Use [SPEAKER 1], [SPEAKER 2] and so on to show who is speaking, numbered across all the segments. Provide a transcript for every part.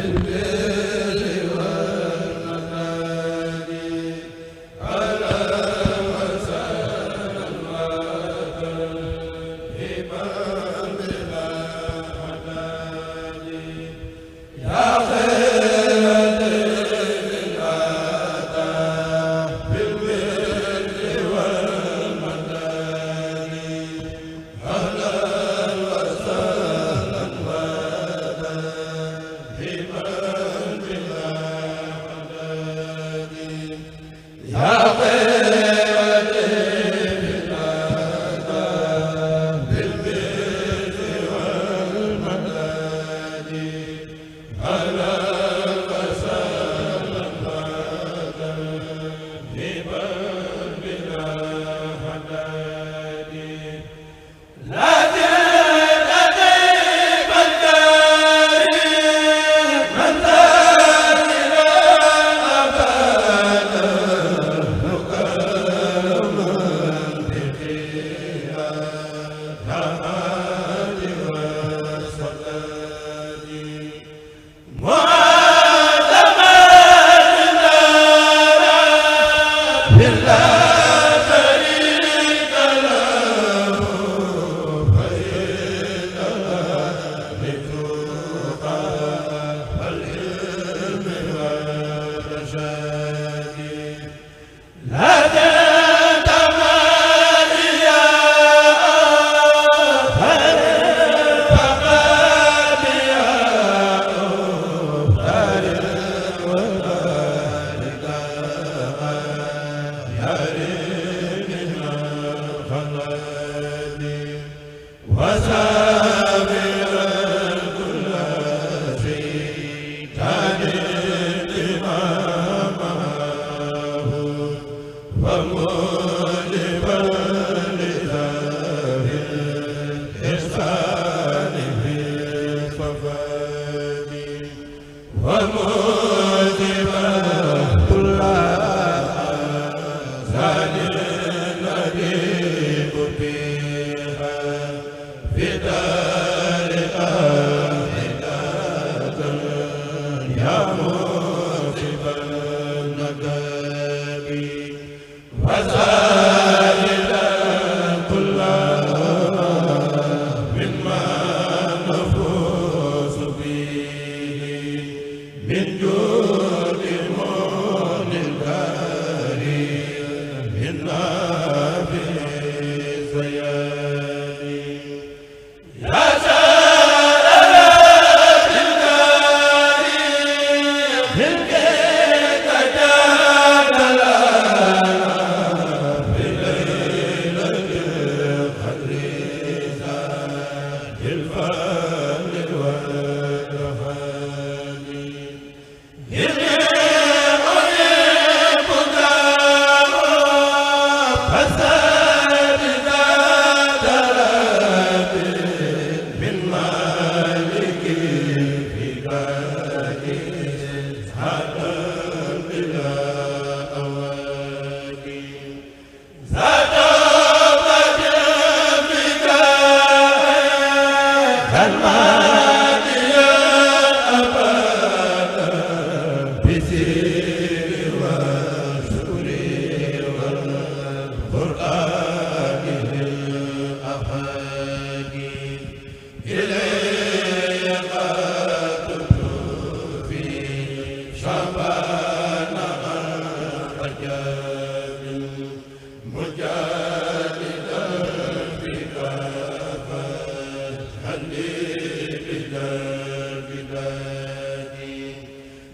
[SPEAKER 1] Amen. min Allah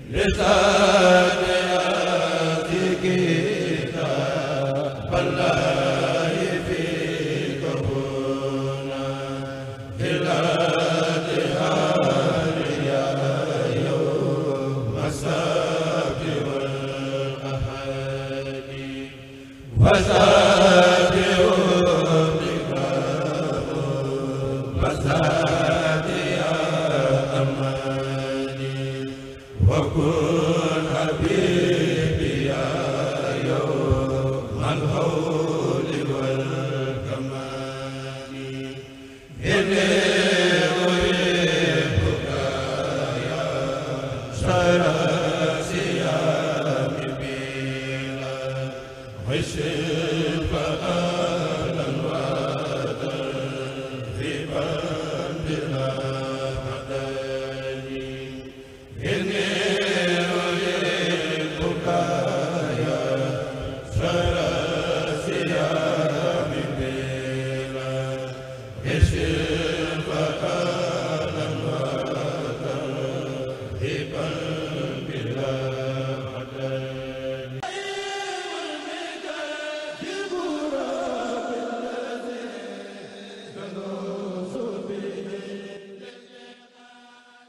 [SPEAKER 2] li
[SPEAKER 1] sara